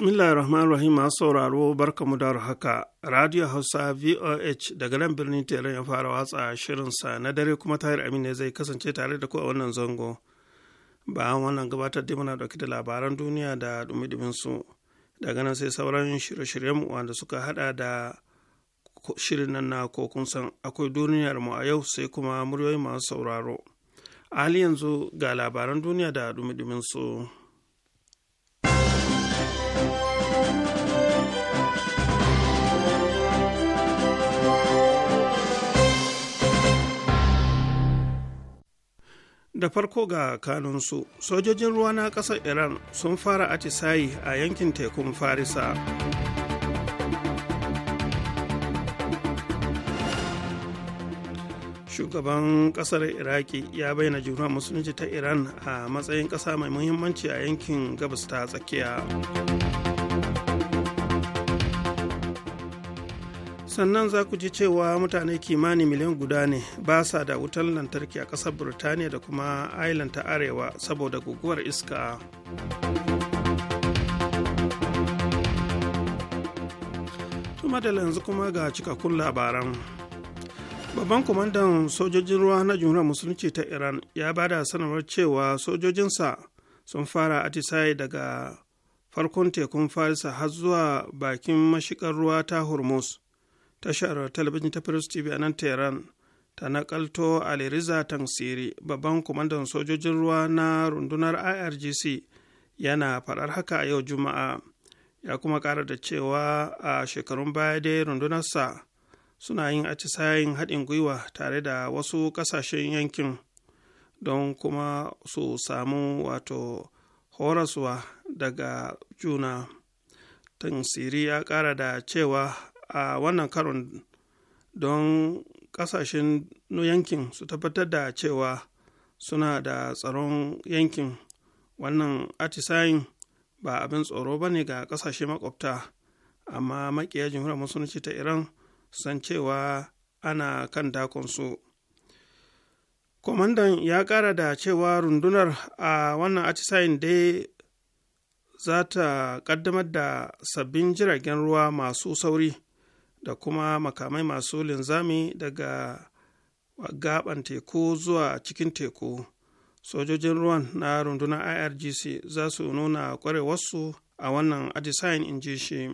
bismillahir rahmanir rahim masu sauraro barkamu da haka radio hausa voh daga nan birnin teran ya fara watsa shirinsa na dare kuma tahir amin ne zai kasance tare da ku a wannan zango bayan wannan gabatar da muna dauke da labaran duniya da dumidumin su daga nan sai sauran shirye-shiryen mu wanda suka hada da shirin nan na kokun san akwai duniyar mu a yau sai kuma muryoyi masu sauraro a yanzu ga labaran duniya da dumidumin su. da farko ga kanunsu sojojin ruwa na ƙasar iran sun fara atisayi a yankin tekun farisa shugaban ƙasar iraki ya bayyana juna musulunci ta iran a matsayin ƙasa mai muhimmanci a yankin gabas ta tsakiya sannan za ku ji cewa mutane kimanin miliyan guda ne ba sa da wutar lantarki a ƙasar birtaniya da kuma island ta arewa saboda guguwar iska tuma da yanzu kuma ga cikakkun labaran babban kwamandan sojojin ruwa na jumhuriyar musulunci ta iran ya ba da sanarwar cewa sojojinsa sun fara atisaye daga farkon tekun farisa har zuwa bakin mashikar ruwa ta hormuz tashar talabijin ta Firist TV a nan Tehran ta nakalto Aliriza Tansiri babban kwamandan sojojin ruwa na rundunar IRGC yana faɗar haka a yau Juma'a ya kuma ƙara da cewa a shekarun baya dai rundunarsa suna yin cisayin haɗin gwiwa tare da wasu ƙasashen yankin don kuma su samu wato horaswa daga juna. Tansiri ya ƙara da cewa a wannan karon don kasashen yankin su tabbatar da cewa suna da tsaron yankin wannan atisayin ba abin tsoro ba ne ga kasashe makwabta amma makiya jamhuriyar musulunci ta iran san cewa ana kan dakonsu kwamandan ya kara da cewa rundunar a wannan atisayin dai za ta kaddamar da sabbin jiragen ruwa masu sauri da kuma makamai masu linzami daga gaban teku zuwa cikin teku sojojin ruwan na rundunar irgc za su nuna kwarewarsu a wannan atisayin in ji shi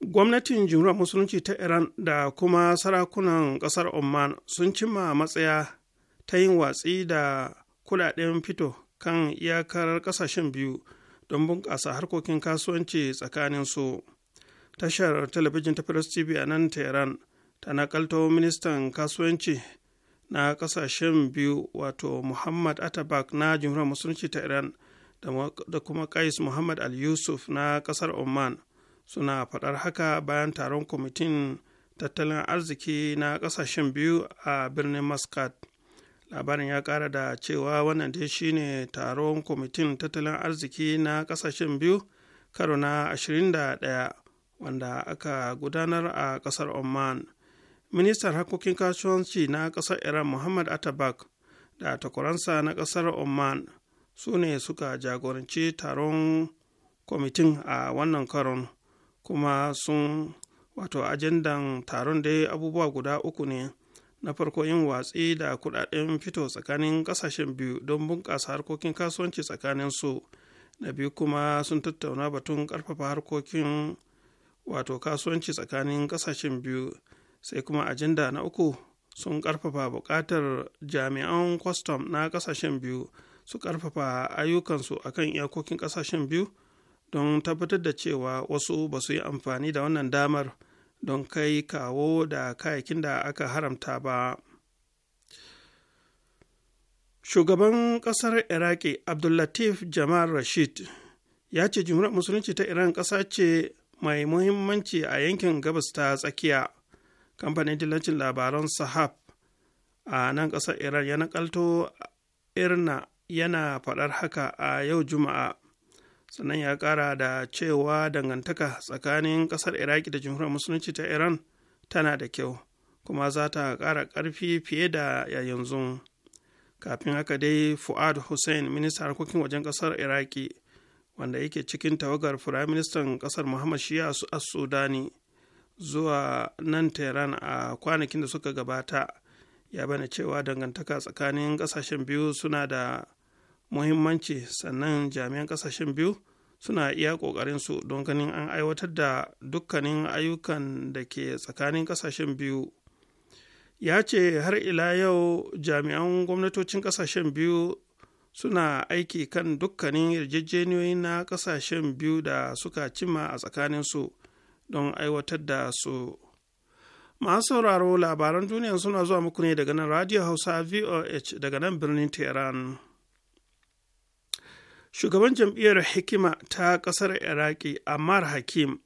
gwamnatin jumhuriyar musulunci ta iran da kuma sarakunan kasar oman sun cimma matsaya ta yin watsi da kudaden fito kan iyakar kasashen biyu don bunƙasa harkokin kasuwanci tsakanin su tashar talabijin ta press tv a nan tehran ta nakalto ministan kasuwanci na kasashen biyu wato muhammad atabak na jumhuriyar musulunci ta iran da kuma kais muhammad al yusuf na kasar oman suna faɗar haka bayan taron kwamitin tattalin arziki na kasashen biyu a birnin muscat labarin ya kara da cewa wannan dai shine taron kwamitin tattalin arziki na kasashen biyu karo na 21 wanda aka gudanar a kasar oman ministan harkokin kasuwanci na kasar iran muhammad atabak da takwaransa na kasar oman su ne suka jagoranci taron kwamitin a wannan karon kuma sun wato ajandan taron dai abubuwa guda uku ne na farko yin watsi da kudaden fito tsakanin kasashen biyu don bunƙasa harkokin kasuwanci tsakanin su na biyu kuma sun tattauna batun ƙarfafa harkokin wato kasuwanci tsakanin kasashen biyu sai kuma ajinda na uku sun ƙarfafa buƙatar jami'an kwastam na kasashen biyu su ƙarfafa ayyukansu akan iyakokin kasashen biyu don tabbatar da cewa wasu ba su yi amfani da wannan damar. don kai kawo da kayakin da aka haramta ba shugaban ƙasar iraki abdullatif jamal rashid ya ce jumhuriyar musulunci ta iran ƙasa ce mai muhimmanci a yankin gabas ta tsakiya kamfanin dillancin labaran sahab a nan ƙasar iran ya nakalto irna yana faɗar haka a yau juma'a sannan ya kara da cewa dangantaka tsakanin kasar iraki da jamhuriyar musulunci ta iran tana da kyau kuma za ta kara karfi fiye da yanzu kafin haka dai fuad hussein ministan harkokin wajen kasar iraki wanda yake cikin tawagar firaministan ƙasar muhammad shia a sudani zuwa nan tehran a kwanakin da suka gabata ya bane cewa dangantaka tsakanin kasashen biyu suna da muhimmanci sannan jami'an ƙasashen biyu suna iya su don ganin an aiwatar da dukkanin ayyukan da ke tsakanin kasashen biyu ya ce har ila yau jami'an gwamnatocin ƙasashen biyu suna aiki kan dukkanin yarjejeniyoyi na ƙasashen biyu da suka cima a tsakaninsu don aiwatar da su masu sauraro labaran duniya suna zuwa muku ne daga nan radio hausa voh daga nan birnin tehran shugaban jam'iyyar hikima ta ƙasar iraki ammar hakim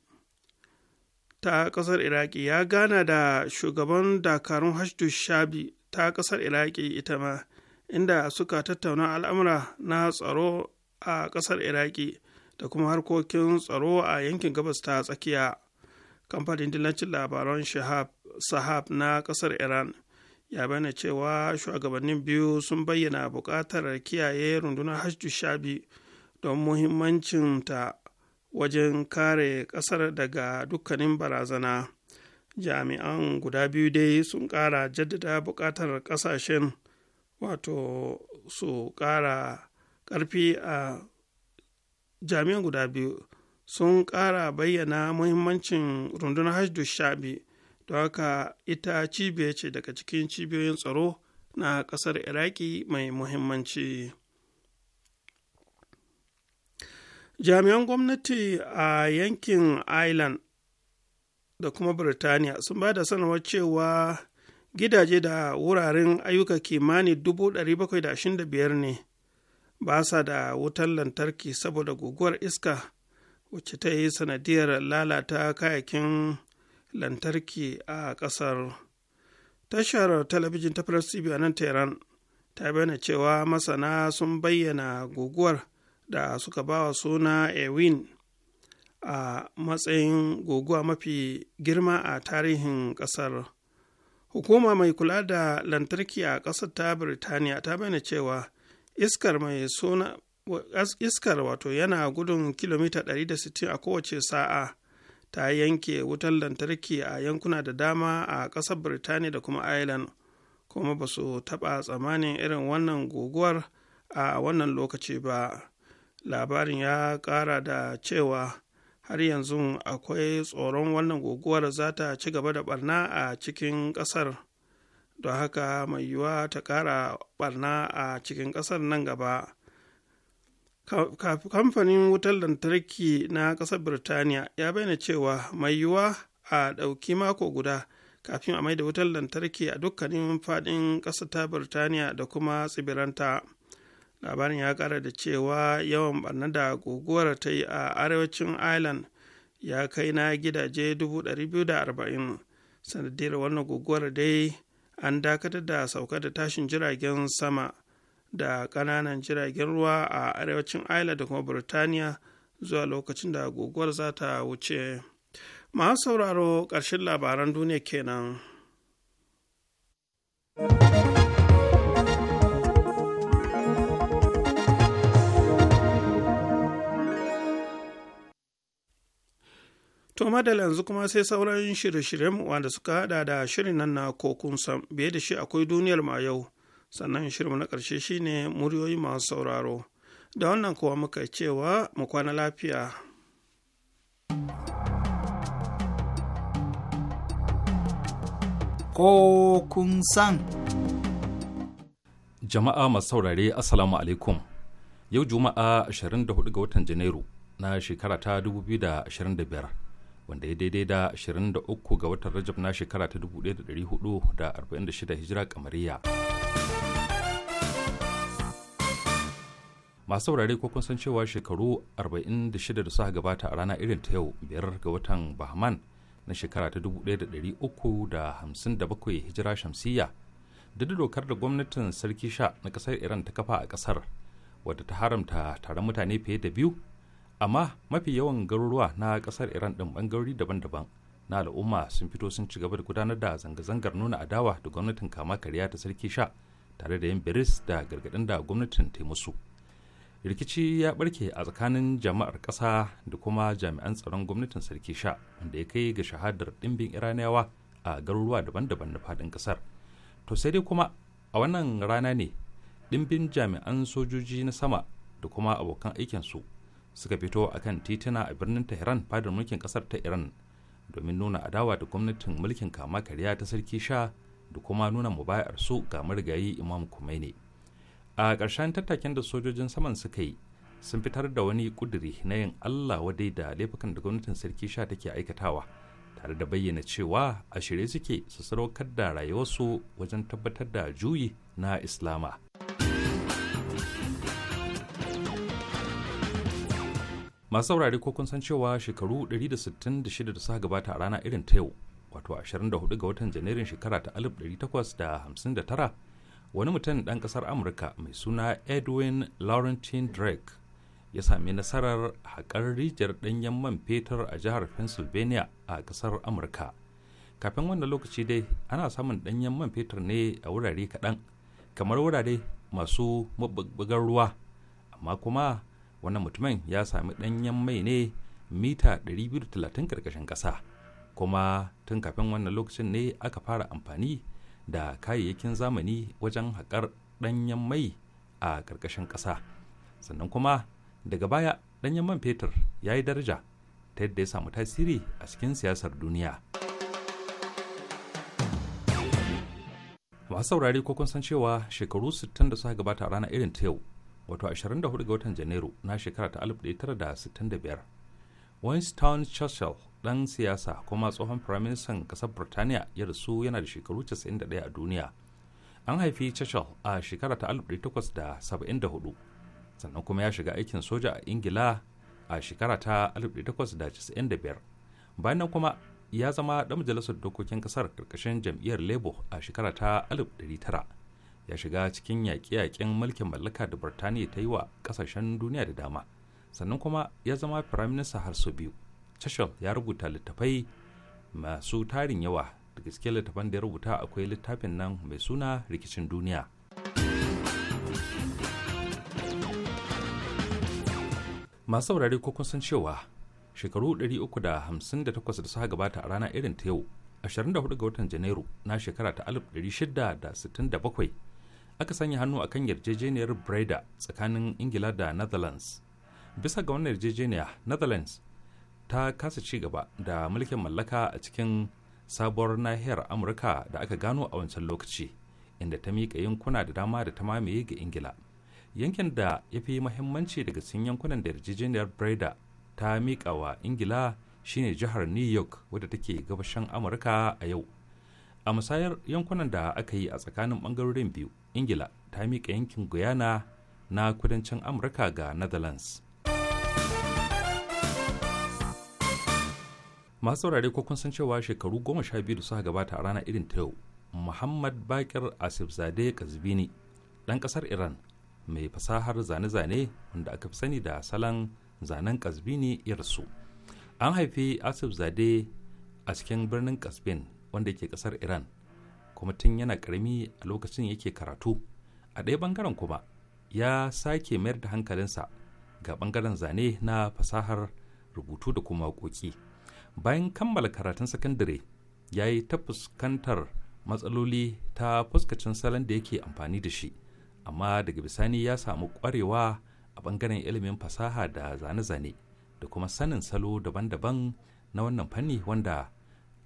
ta ƙasar iraki ya gana da shugaban dakarun hashdu shabi ta ƙasar iraki ita ma inda suka tattauna al'amura na tsaro a ƙasar iraki da kuma harkokin tsaro a yankin gabas ta tsakiya kamfanin dillancin labaran shahab sahab na ƙasar iran ya bayyana cewa shugabannin biyu sun bayyana buƙatar kiyaye rundunar hajju shabi don ta wajen kare ƙasar daga dukkanin barazana jami'an guda biyu dai sun ƙara jaddada buƙatar ƙasashen wato su ƙara ƙarfi a jami'an guda biyu sun ƙara bayyana muhimmancin rundunar hajju shabi don haka ita cibiya ce daga cikin cibiyoyin tsaro na ƙasar iraki mai muhimmanci jami'an gwamnati a yankin ireland da kuma birtaniya sun ba da sanarwar cewa gidaje da wuraren ayyuka kimanin 725 ne ba sa da wutar lantarki saboda guguwar iska wacce ta yi sanadiyar lalata kayakin lantarki a ƙasar tashar talabijin ta press tv a nan tehran ta bayyana cewa masana sun bayyana guguwar da suka bawa suna ewin a matsayin guguwa mafi girma a tarihin ƙasar hukuma mai kula da lantarki a ƙasar ta birtaniya ta bayyana cewa iskar mai suna iskar wato yana gudun kilomita 160 a kowace sa'a ta yanke wutar lantarki a yankuna da dama a ƙasar birtaniya da kuma ireland kuma ba su taɓa tsammanin irin wannan guguwar a wannan lokaci ba labarin ya ƙara da cewa har yanzu akwai tsoron wannan guguwar za ta ci gaba da barna a cikin ƙasar don haka mai yiwuwa ta ƙara ɓarna a cikin ƙasar nan gaba kamfanin wutar lantarki na ƙasar birtaniya ya bayyana cewa mai yiwuwa a ɗauki mako guda kafin a maida wutar lantarki a dukkanin faɗin ƙasata ta birtaniya da kuma tsibiranta labarin ya ƙara da cewa yawan barna da guguwar ta yi a arewacin ireland ya kai na gidaje 240 sanadiyar wannan guguwar dai an dakatar da saukar da tashin jiragen sama da ƙananan jiragen ruwa a arewacin Ireland da kuma Burtaniya zuwa lokacin da guguwar za ta wuce. Masu sauraro ƙarshen labaran duniya kenan. To madal yanzu kuma sai sauran shirye-shiryen wanda suka hada da shirin nan na kokun biye da shi akwai duniyar ma yau sannan shirin na ƙarshe shine muryoyi masu sauraro da wannan kuwa muka cewa mu kwana lafiya ko kun san jama'a masu saurare assalamu alaikum yau juma'a 24 ga watan janairu na shekara ta 2025 wanda ya daidai da 23 ga watan rajab na shekara ta 1446 hijira kamariya. masu saurare ko kun san cewa shekaru 46 da suka gabata a rana irin ta yau biyar ga watan bahman na shekara ta 1357 hijira shamsiyya duk dokar da gwamnatin sarki sha na kasar iran ta kafa a kasar wadda ta haramta taron mutane fiye da biyu amma mafi yawan garuruwa na kasar iran din bangarori daban-daban na al'umma sun fito sun ci gaba da gudanar da zanga-zangar nuna adawa da gwamnatin kama karya ta sarki sha tare da yin biris da gargaɗin da gwamnatin ta musu rikici ya barke a tsakanin jama'ar ƙasa da kuma jami'an tsaron gwamnatin sarki sha wanda ya kai ga shahadar ɗimbin iraniyawa a garuruwa daban-daban na faɗin ƙasar to sai dai kuma a wannan rana ne ɗimbin jami'an sojoji na sama da kuma abokan aikinsu suka fito a kan titina a birnin tehran fadar mulkin ƙasar ta iran domin nuna adawa da gwamnatin mulkin kama karya ta sarki sha da kuma nuna mubayar su ga marigayi imam kumaini a ƙarshen tattakin da sojojin saman suka yi sun fitar da wani ƙuduri na yin allah wadai da laifukan da gwamnatin sarki sha take aikatawa tare da bayyana cewa a shirye suke su saraukar da rayuwarsu wajen tabbatar da juyi na islama masu saurari ko kun san cewa shekaru 166 da suka gabata a rana irin ta yau wato 24 ga watan janairun shekara ta 1859 wani mutum ɗan ƙasar amurka mai suna edwin laurentine drake ya sami nasarar haƙar rijiyar ɗanyen man fetur a jihar pennsylvania a ƙasar amurka kafin wannan lokaci dai ana samun ɗanyen man fetur ne a wurare kaɗan kamar wurare masu mabugar ruwa amma kuma wannan mutumin ya sami ɗanyen mai ne mita 230 ƙarƙashin ƙasa kuma tun kafin wannan lokacin ne aka fara amfani da kayayyakin zamani wajen haƙar ɗanyen mai a ƙarƙashin ƙasa sannan kuma daga baya ɗanyen man fetur ya yi daraja ta yadda ya samu tasiri a cikin siyasar duniya masu saurari ko kun san cewa shekaru 60 da suka gabata a ranar irin ta yau wato 24 ga watan janairu na shekara ta 1965 Winston Churchill dan siyasa kuma tsohon firaministan ƙasar birtaniya ya rasu yana da shekaru 91 a duniya an haifi churchill a shekara ta 1874 sannan kuma ya shiga aikin soja a ingila a shekara ta 1895 bayan nan kuma ya zama ɗan majalisar dokokin ƙasar karkashin jam'iyyar labour a shekara ta 1900 ya shiga cikin yaƙe-yaƙen mulkin mallaka da birtaniya ta yi wa ƙasashen duniya da dama sannan kuma ya zama firaminista har sau biyu Chashov ya rubuta littafai masu tarin yawa da gaske littafan da ya rubuta akwai littafin nan mai suna rikicin duniya masu saurare ko kun cewa shekaru 358 da suka gabata a rana irin ta yau 24 ga watan janairu na shekara ta 1667 aka sanya hannu akan yarjejeniyar breda tsakanin ingila da netherlands bisa ga wannan yarjejeniya netherlands ta kasa ci gaba da mulkin mallaka a cikin sabuwar nahiyar amurka da aka gano a wancan lokaci inda ta miƙa yankuna da dama da ta mamaye ga ingila yankin da ya fi mahimmanci daga cikin yankunan da yarjejeniyar breda ta miƙa wa ingila shine jihar new york wadda take gabashin amurka a yau a musayar yankunan da aka yi a tsakanin bangarorin biyu ingila ta miƙa yankin guyana na kudancin amurka ga netherlands masu saurare ko kun san cewa shekaru goma sha biyu da suka gabata a rana irin ta yau muhammad bakir asif zade kazbini ɗan ƙasar iran mai fasahar zane-zane wanda aka fi sani da salon zanen kazbini irsu an haifi asif zade a cikin birnin kasbin wanda ke ƙasar iran kuma tun yana karami a lokacin yake karatu a ɗaya bangaren kuma ya sake mayar da hankalinsa ga bangaren zane na fasahar rubutu da kuma waƙoƙi. bayan kammala karatun sakandare ya yi ta fuskantar matsaloli ta fuskacin salon da yake amfani da shi amma daga bisani ya samu kwarewa a bangaren ilimin fasaha da zane-zane da kuma sanin salo daban-daban na wannan fanni wanda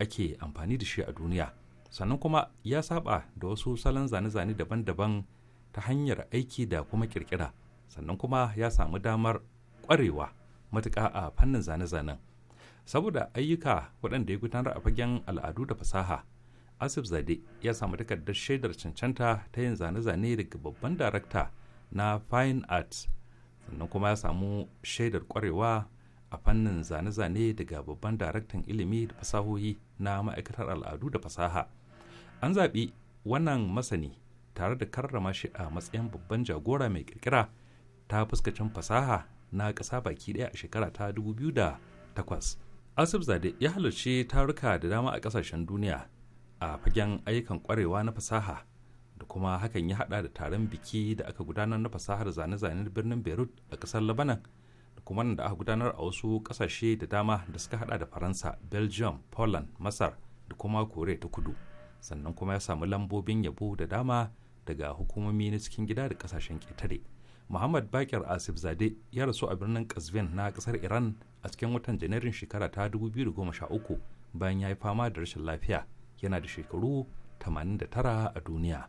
ake amfani da shi a duniya sannan kuma ya saba da wasu salon zane-zane daban-daban ta hanyar aiki da kuma kirkira sannan kuma ya samu damar kwarewa matuƙa a fannin zane-zanen saboda ayyuka waɗanda ya gudanar a fagen al'adu da fasaha asif zade ya samu takardar shaidar cancanta ta yin zane-zane daga babban darakta na fine arts sannan kuma ya samu shaidar kwarewa a fannin zane-zane daga babban daraktan ilimi da fasahohi na ma'aikatar al'adu da fasaha an zaɓi wannan masani tare da karrama shi a matsayin babban jagora mai kirkira ta fuskacin fasaha na ƙasa baki ɗaya a shekara ta 2008 zade ya halarci taruka da dama a kasashen duniya a fagen ayyukan kwarewa na fasaha da kuma hakan ya hada da taron biki da aka gudanar na fasahar zane-zanen birnin Beirut a kasar labanan da kuma da aka gudanar a wasu kasashe da dama da suka hada da Faransa, Belgium, Poland, Masar da kuma Koriya ta Kudu. Sannan kuma ya samu lambobin yabo da dama daga hukumomi na cikin gida da kasashen ƙetare. muhammad bakir asif zade ya rasu a birnin kazvin na kasar iran a cikin watan janairun shekara ta 2013 bayan ya yi fama da rashin lafiya yana da shekaru 89 a duniya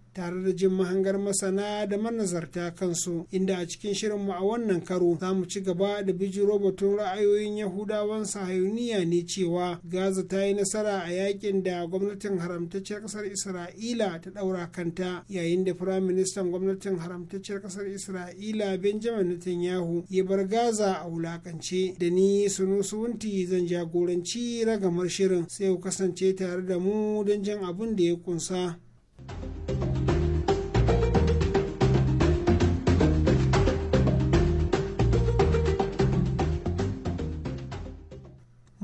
tare da jin mahangar masana da manazarta kansu inda a cikin shirinmu a wannan karo za mu ci gaba da bijiro batun ra'ayoyin yahudawan sahayuniya ne cewa gaza ta yi nasara a yakin da gwamnatin haramtacciyar kasar isra'ila ta daura kanta yayin da firayim ministan gwamnatin haramtacciyar kasar isra'ila benjamin netanyahu ya bar gaza a wulakance da ni sunu suwunti zan jagoranci ragamar shirin sai ku kasance tare da mu don jin abin da ya kunsa. thank you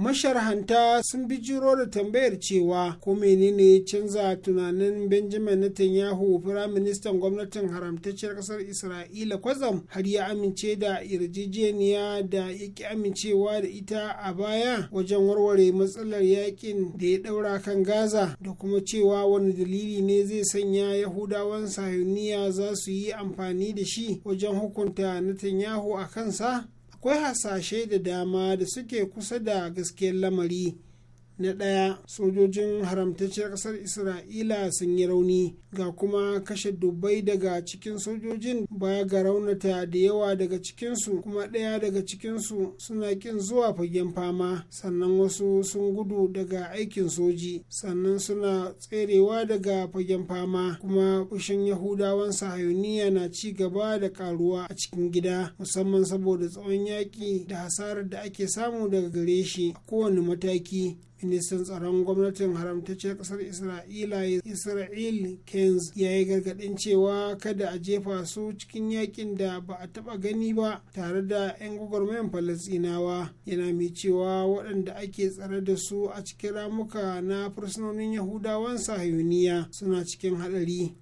masharhanta sun bi jiro da tambayar cewa ko menene ya canza tunanin benjamin netanyahu firaministan gwamnatin haramtacciyar kasar isra'ila kwazam har ya amince da yarjejeniya da ya ki amincewa da ita a baya wajen warware matsalar yakin da ya daura kan gaza da kuma cewa wani dalili ne zai sanya yahudawan sahiniya za su yi amfani da shi wajen hukunta netanyahu a kansa akwai hasashe da dama da suke kusa da gaskiyar lamari na ɗaya sojojin haramtacciyar ƙasar isra'ila sun yi rauni ga kuma kashe dubbai daga cikin sojojin baya ga raunata da yawa daga cikinsu kuma ɗaya daga cikinsu suna ƙin zuwa fagen fama sannan wasu sun gudu daga aikin soji sannan suna tserewa daga fagen fama kuma kushin yahudawan sahayuniya na ci gaba da karuwa a cikin gida musamman saboda tsawon yaƙi da hasarar da ake samu daga gare shi a kowane mataki ministan tsaron gwamnatin haramtacciyar kasar isra'ila israel kenz ya yi gargaɗin cewa kada a jefa su cikin yakin da ba a taɓa gani ba tare da 'yan gwagwarmayan falasinawa yana mai cewa waɗanda ake tsare da su a cikin ramuka na fursunonin yahudawan sahiyuniya suna cikin haɗari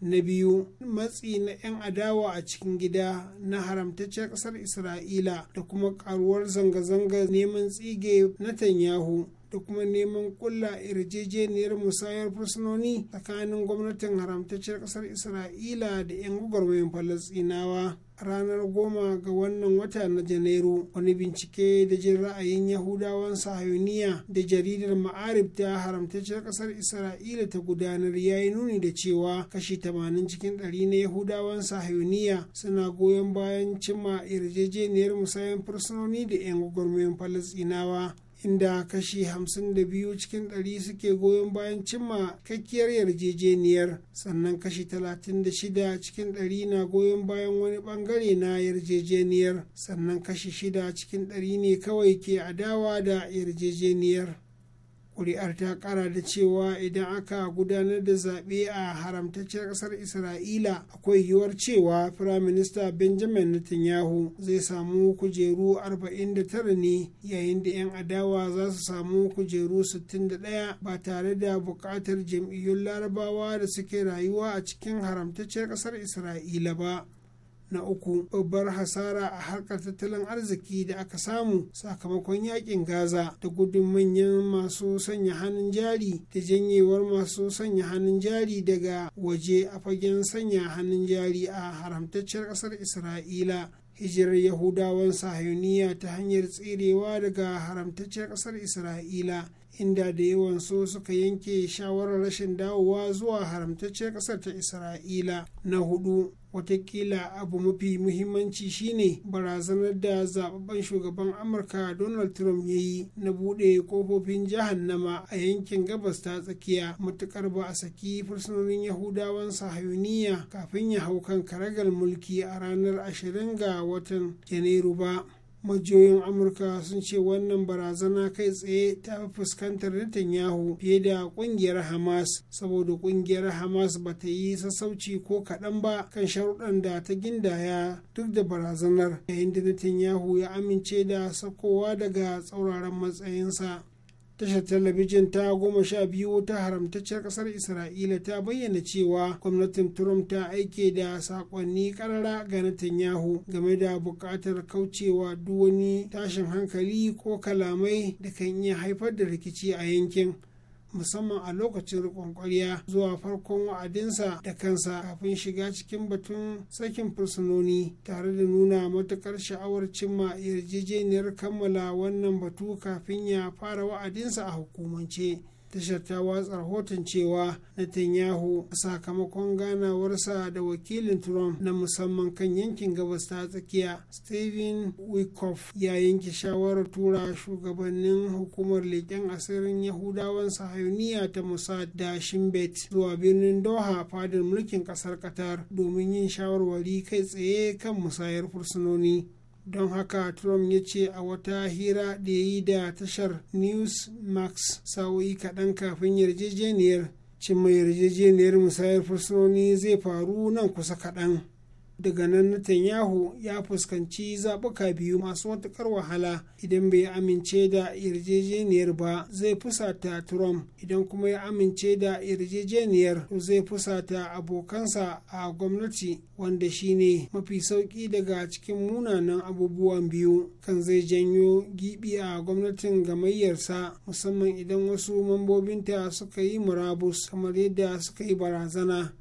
na biyu matsi na 'yan adawa a cikin gida na haramtacciyar ƙasar isra'ila da kuma karuwar zanga-zanga neman tsige na tanyahu da kuma neman kulla yarjejeniyar musayar fursunoni tsakanin gwamnatin haramtacciyar ƙasar isra'ila da 'yan gwagwarmayin falasɗinawa ranar goma ga wannan wata na janairu wani bincike da jin ra'ayin yahudawan sahayuniya da jaridar ma'arib ta haramtacciyar kasar isra'ila ta gudanar ya yi nuni da cewa kashi 80 cikin 100 na yahudawan sahayuniya suna goyon bayan cimma yarjejeniyar musayan fursunoni da 'yan gwagwarmayin falasinawa inda kashi 52 cikin 100 suke goyon bayan cimma kakkiyar yarjejeniyar sannan kashi 36 cikin 100 na goyon bayan wani bangare na yarjejeniyar sannan kashi 6 cikin 100 ne kawai ke adawa da yarjejeniyar kuri'ar ta kara da cewa idan aka gudanar da zaɓe a haramtacciyar ƙasar isra'ila akwai yiwuwar cewa firaminista benjamin netanyahu zai samu kujeru 49 ne yayin da 'yan adawa za su samu kujeru 61 ba tare da buƙatar jam'iyyun larabawa da suke rayuwa a cikin haramtacciyar ƙasar isra'ila ba na uku babbar hasara a harkar tattalin arziki da aka samu sakamakon yakin gaza da gudun manyan masu sanya hannun jari da janyewar masu sanya hannun jari daga waje a fagen sanya hannun jari a haramtacciyar ƙasar isra'ila hijirar yahudawan sahiyoniya ta hanyar tserewa daga haramtacciyar ƙasar isra'ila inda da yawan su suka yanke shawarar rashin dawowa zuwa haramtacciyar ƙasar ta isra'ila na hudu watakila abu mafi muhimmanci shine barazanar da zababben shugaban amurka donald trump ya yi na buɗe kofofin jahannama a yankin gabas ta tsakiya matukar ba a saki fursunonin yahudawan sahayuniya kafin ya hau kan karagar mulki a ranar 20 ga watan janairu ba majiyoyin amurka sun ce wannan barazana kai tsaye ta fuskantar netanyahu fiye da kungiyar hamas saboda kungiyar hamas ba ta yi sassauci ko kaɗan ba kan sharuɗan da ta gindaya duk da barazanar yayin da netanyahu ya amince da sakowa daga tsauraran matsayinsa tashar talabijin ta goma sha biyu ta haramtacciyar kasar isra'ila ta bayyana cewa gwamnatin trump ta aike da sakonni karara ga netanyahu game da buƙatar kaucewa duk wani tashin hankali ko kalamai da kan iya haifar da rikici a yankin musamman a lokacin rikon kwarya zuwa farkon wa'adinsa da kansa kafin shiga cikin batun sakin fursunoni tare da nuna matukar sha'awar cimma yarjejeniyar kammala wannan batu kafin ya fara wa'adinsa a hukumance tashar ta watsa rahoton cewa Netanyahu sakamakon ganawarsa da wakilin Trump na musamman kan yankin gabas ta tsakiya Steven Wickoff ya yanke shawarar tura shugabannin hukumar leƙen asirin Yahudawan sahayuniya ta Mossad da Shimbet zuwa birnin Doha fadin mulkin ƙasar Qatar domin yin shawarwari kai tsaye kan musayar fursunoni. don haka trump ya ce a wata hira da ya yi da tashar max sa'o'i kaɗan kafin yarjejeniyar cimma yarjejeniyar musayar fursunoni zai faru nan kusa kaɗan daga nan Netanyahu ya fuskanci zaɓuka biyu masu matuƙar wahala idan bai amince da yarjejeniyar ba zai fusata Trump idan kuma ya amince da yarjejeniyar to zai fusata abokansa a gwamnati wanda shine mafi sauƙi daga cikin munanan abubuwan biyu kan zai janyo gibi a gwamnatin gamayyarsa musamman idan wasu mambobinta suka yi murabus kamar yadda suka yi barazana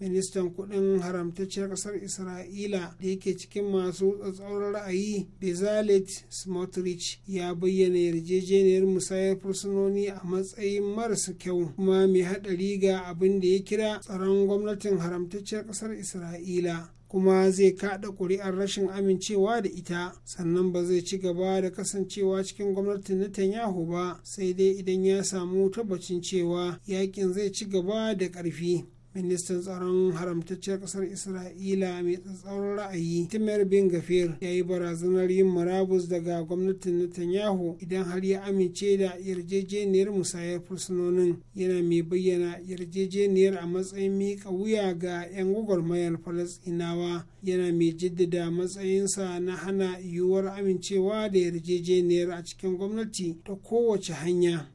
ministan kudin haramtacciyar kasar isra'ila da yake cikin masu tsatsauran ra'ayi bezalet smotrich ya bayyana yarjejeniyar musayar fursunoni a matsayin marasa kyau kuma mai haɗari ga abin da ya kira tsaron gwamnatin haramtacciyar kasar isra'ila kuma zai kaɗa ƙuri'ar rashin amincewa da ita sannan ba zai ci gaba da kasancewa cikin gwamnatin Netanyahu ba sai dai idan ya samu tabbacin cewa yakin zai ci gaba da ƙarfi. ministan tsaron haramtacciyar kasar isra'ila mai tsatsauran ra'ayi timar bin gafir ya yi barazanar yin murabus daga gwamnatin netanyahu idan har ya amince da yarjejeniyar musayar fursunonin yana mai bayyana yarjejeniyar a matsayin mika wuya ga 'yan gwagwarmayar Falasinawa, yana mai jaddada matsayinsa na hana yiwuwar amincewa da yarjejeniyar a cikin gwamnati ta kowace hanya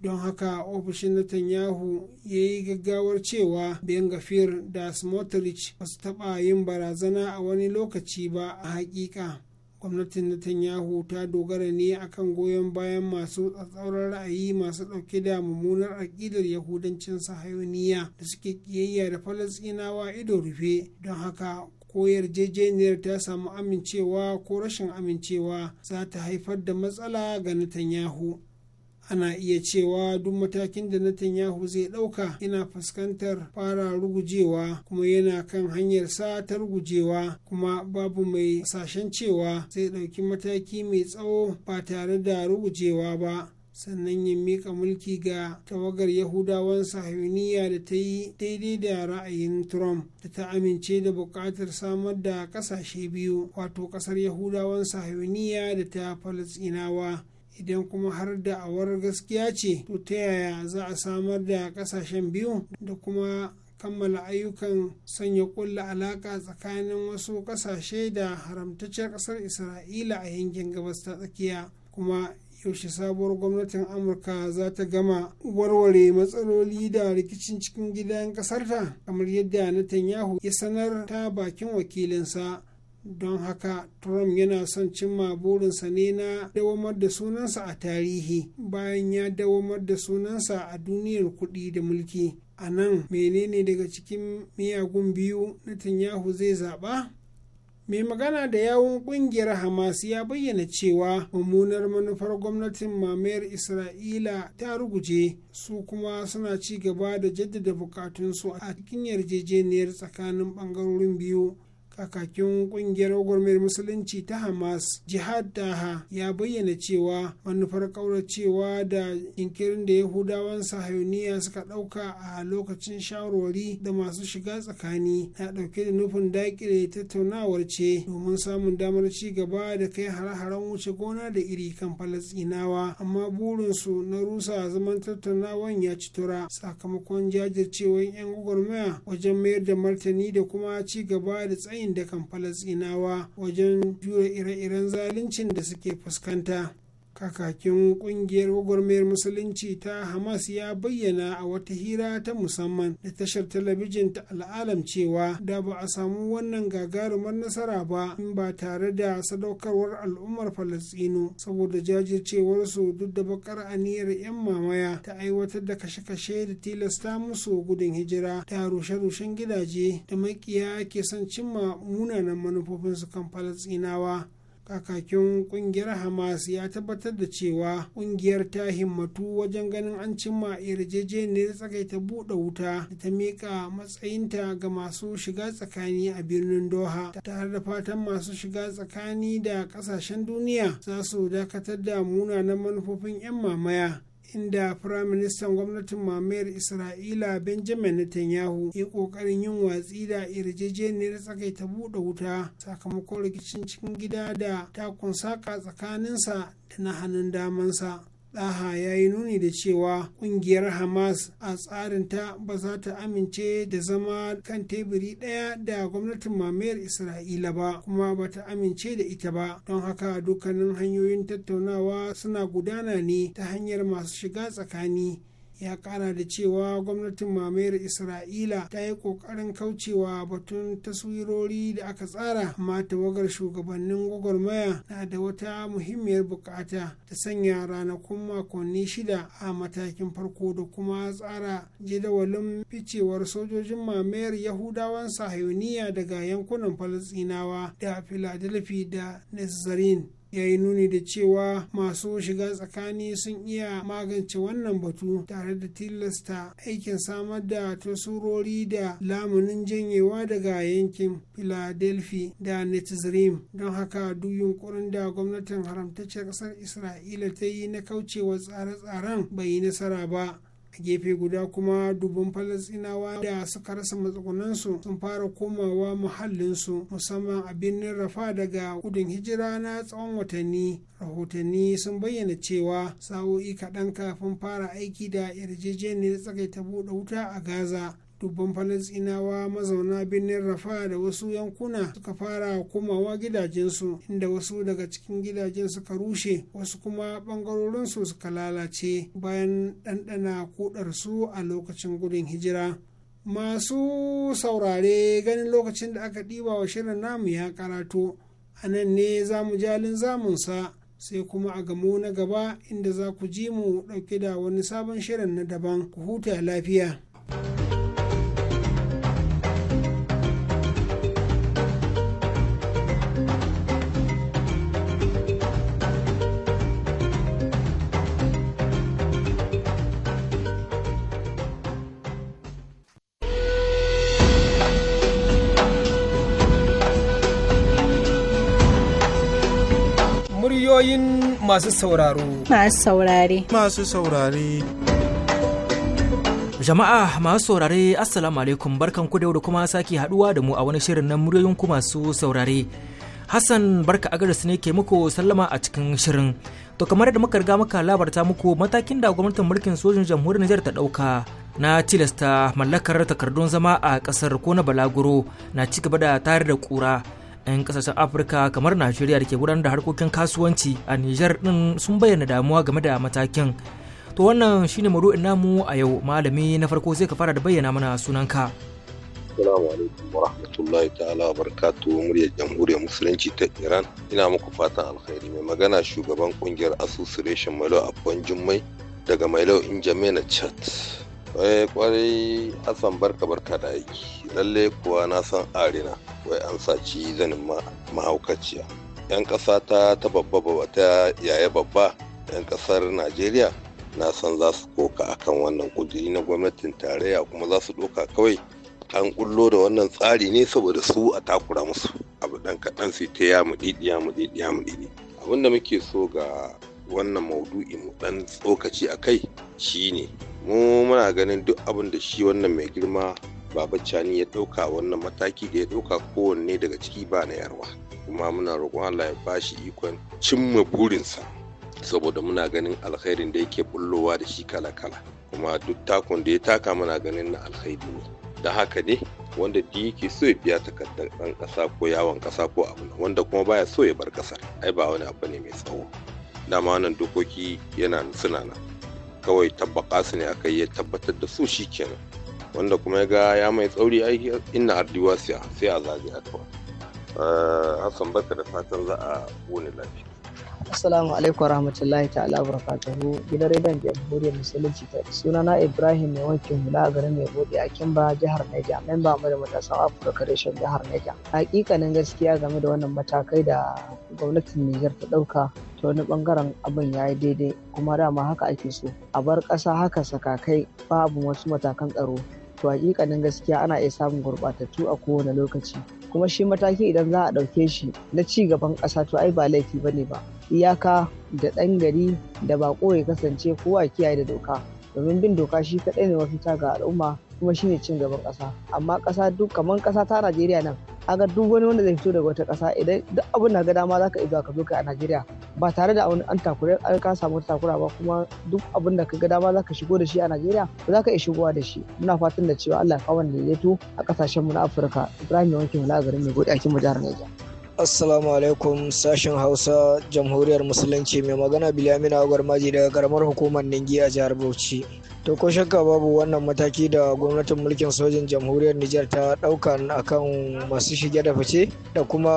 don haka ofishin Netanyahu ya yi gaggawar cewa Ben Gafir da Smotrich ba su taɓa yin barazana a wani lokaci ba a haƙiƙa. gwamnatin Netanyahu ta dogara ne akan goyon bayan masu tsatsauran ra'ayi masu ɗauke da mummunar aƙidar yahudancin sahayoniya da suke ƙiyayya da falasɗinawa ido rufe don haka ko yarjejeniyar ta samu amincewa ko rashin amincewa za ta haifar da matsala ga Netanyahu. ana iya cewa duk matakin da Netanyahu zai ɗauka yana fuskantar fara rugujewa kuma yana kan hanyar sa ta rugujewa kuma babu mai sashen cewa zai ɗauki mataki mai tsawo ba tare da rugujewa ba sannan ya miƙa mulki ga tawagar yahudawan sahiyoniya da ta yi daidai da ra'ayin trump da ta amince da buƙatar samar da ƙasashe biyu wato ƙasar yahudawan sahiyoniya da ta Falasinawa. idan kuma har da awar gaskiya ce to ta yaya za a samar da kasashen biyu da kuma kammala ayyukan sanya kulla alaka tsakanin wasu kasashe da haramtacciyar kasar isra'ila a yankin gabas ta tsakiya kuma yaushe sabuwar gwamnatin amurka za ta gama warware matsaloli da rikicin cikin gidan kasarta kamar yadda netanyahu ya sanar ta bakin wakilinsa don haka trump yana son cimma burinsa ne na dawamar da sunansa a tarihi bayan ya dawamar da sunansa a duniyar kuɗi da mulki a nan menene daga cikin miyagun biyu netanyahu zai zaɓa mai magana da yawun ƙungiyar hamas ya bayyana cewa mummunar manufar gwamnatin mamayar isra'ila ta ruguje su kuma suna ci gaba da jaddada bukatunsu a cikin yarjejeniyar tsakanin bangarorin biyu kakakin kungiyar gwamnatin musulunci ta hamas jihad daha ya bayyana cewa manufar kauracewa da jinkirin da yahudawan sahayuniya suka ɗauka a lokacin shawarwari da masu shiga tsakani na dauke da nufin dakile tattaunawar ce domin samun damar ci gaba da kai hare-haren wuce gona da iri kan falastinawa amma burin su na rusa zaman tattaunawan ya ci tura sakamakon jajircewar 'yan gwagwarmaya wajen mayar da martani da kuma ci gaba da tsayin tsayin dakan falasinawa wajen jure ire-iren zaluncin da suke fuskanta kakakin kungiyar gwagwarmayar musulunci ta hamas ya bayyana a wata hira ta musamman da tashar talabijin ta al'alam cewa da ba a samu wannan gagarumar nasara ba in ba tare da sadaukarwar al'ummar falastino saboda jajircewar su duk da bakar aniyar 'yan mamaya ta aiwatar da kashe-kashe da tilasta musu gudun hijira Ta rushe-rushen gidaje da makiya ke son cimma munanan manufofinsu kan falastinawa kakakin kungiyar hamas ya tabbatar da cewa kungiyar ta himmatu wajen ganin an cimma yarjejeniyar tsakaita buɗe wuta da ta miƙa matsayinta ga masu shiga tsakani a birnin doha tare da fatan masu shiga tsakani da ƙasashen duniya za su dakatar da munanan manufofin 'yan mamaya inda firaministan gwamnatin mamayar isra'ila benjamin netanyahu ya kokarin yin watsi da yarjejeniyar ta buɗe wuta sakamakon rikicin cikin gida da takun saka tsakaninsa da na hannun damansa Daha ya yi nuni da cewa kungiyar Hamas a tsarinta ba za ta amince da zama kan teburi ɗaya da gwamnatin mamayar Isra'ila ba kuma ba ta amince da ita ba don haka dukkanin hanyoyin tattaunawa suna gudana ne ta hanyar masu shiga tsakani ya ƙara da cewa gwamnatin mamayar isra'ila ta yi kokarin kaucewa batun taswirori da aka tsara amma tawagar shugabannin gwagwarmaya na da wata muhimmiyar bukata ta sanya ranakun makonni shida a matakin farko da kuma tsara jadawalin ficewar sojojin mamayar yahudawan sahayuniya daga yankunan falasinawa da filadelfi da nazarene ya yi nuni da cewa masu shiga tsakani sun iya magance wannan batu tare da tilasta aikin samar da tasurori da lamunin janyewa daga yankin philadelphia da netizrim don haka duk yunkurin da gwamnatin haramtacciyar ƙasar isra'ila ta yi na kaucewa tsare-tsaren bai yi nasara ba a gefe guda kuma dubban falasinawa da suka rasa matsugunansu sun fara komawa muhallinsu musamman a birnin rafa daga gudun hijira na tsawon watanni rahotanni sun bayyana cewa sa'o'i kaɗan kafin fara aiki da yarjejeniyar tsakaita buɗe wuta a gaza dubban falasinawa mazauna birnin rafa da wasu yankuna suka fara komawa gidajensu inda wasu daga cikin gidajen suka rushe wasu kuma bangarorinsu suka lalace bayan ɗanɗana kudarsu a lokacin gudun hijira masu saurare ganin lokacin da aka ɗiba wa shirin namu ya karatu a nan ne za mu jalin zamunsa sai kuma a gamo na gaba inda za ku ji mu ɗauke da wani sabon shirin na daban ku huta lafiya. ra'ayoyin masu sauraro. Masu saurare. Masu saurare. Jama'a masu saurare Assalamu alaikum barkan ku da kuma sake haduwa da mu a wani shirin na muryoyin ku masu saurare. Hassan barka garis ne ke muku sallama a cikin shirin. To kamar da muka riga muka labarta muku matakin da gwamnatin mulkin sojin jamhuriyar Nijar ta dauka na tilasta mallakar takardun zama a kasar ko na balaguro na ci gaba da tare da kura 'yan kasashen afirka kamar najeriya da ke gudanar da harkokin kasuwanci a nijar din sun bayyana damuwa game da matakin to wannan shine maru'in namu a yau malami na farko zai ka fara da bayyana mana sunanka Assalamu alaikum wa rahmatullahi ta'ala wa barakatu muryar jamhuriyar musulunci ta Iran. Ina muku fatan alkhairi mai magana shugaban kungiyar asusu Malo a Jummai daga Malo in Jamena Chat. Wai eh, kwarai Hassan barka barka da aiki. Lalle kuwa na san arina wai an saci zanin mahaukaciya. 'Yan ƙasa ta ta babba ba ta yaya babba 'yan ƙasar Najeriya na san za su koka akan wannan ƙudiri na gwamnatin tarayya kuma za su doka kawai an kullo da wannan tsari ne saboda su a takura musu abu ɗan kaɗan su ta ya muɗiɗi ya muɗiɗi ya muɗiɗi abin da muke so ga wannan maudu'i mu ɗan tsokaci a kai shine mu muna ganin duk abin da shi wannan mai girma baba cani ya ɗauka wannan mataki da ya ɗauka kowanne daga ciki ba na yarwa kuma muna roƙon allah ya bashi ikon cimma burinsa saboda muna ganin alkhairin da yake bullowa da shi kala-kala kuma duk takon da ya taka muna ganin na alkhairi ne da haka ne wanda da yake so ya biya takardar ɗan ƙasa ko yawon ƙasa ko abu wanda kuma baya so ya bar ƙasar ai ba wani abu ne mai tsawo dama wannan dokoki yana suna nan kawai tabbaka su ne aka ya tabbatar da su shi kenan wanda kuma ya ga ya mai tsauri aiki ina arduwa sai a zage a kawai eh, hassan baka da fatan za a wuni lafiya Assalamu alaikum warahmatullahi ta'ala barakatuhu gidan rediyon jamhuriyar musulunci ta sunana Ibrahim mai wakil hula a garin mai bude a Kimba jihar Neja memba mu da matasan Afirka reshen jihar Neja hakikanin gaskiya game da wannan matakai da gwamnatin Nijar ta dauka ta wani bangaren abin ya yi daidai kuma dama haka ake so a bar ƙasa haka sakakai babu wasu matakan tsaro to hakikanin gaskiya ana iya samun gurɓatattu a kowane lokaci kuma shi mataki idan za a ɗauke shi na ci gaban ƙasa to ai ba laifi ne ba iyaka da ɗan gari da baƙo ya kasance kowa kiyaye da doka domin bin doka shi kaɗai ne mafita ga al'umma kuma shine cin gaban ƙasa amma ƙasa duk kamar ƙasa ta najeriya nan kaga duk wani wanda zai fito daga wata ƙasa idan duk abin da ga dama za ka iya ka kai a Najeriya ba tare da an takura an ka samu takura ba kuma duk abin da ka ga dama za ka shigo da shi a Najeriya ba za ka iya shigowa da shi muna fatan da cewa Allah ya kawo daidaito a ƙasashen mu na Afirka Ibrahim ya wanke mu garin mai gode a cikin jihar Niger Assalamu alaikum sashen Hausa Jamhuriyar Musulunci mai magana Bilamina Agwar Maji daga karamar hukumar ningiya jihar Bauchi. to ko shakka babu wannan mataki da gwamnatin mulkin sojin jamhuriyar Nijar ta dauka akan masu shige da fice da kuma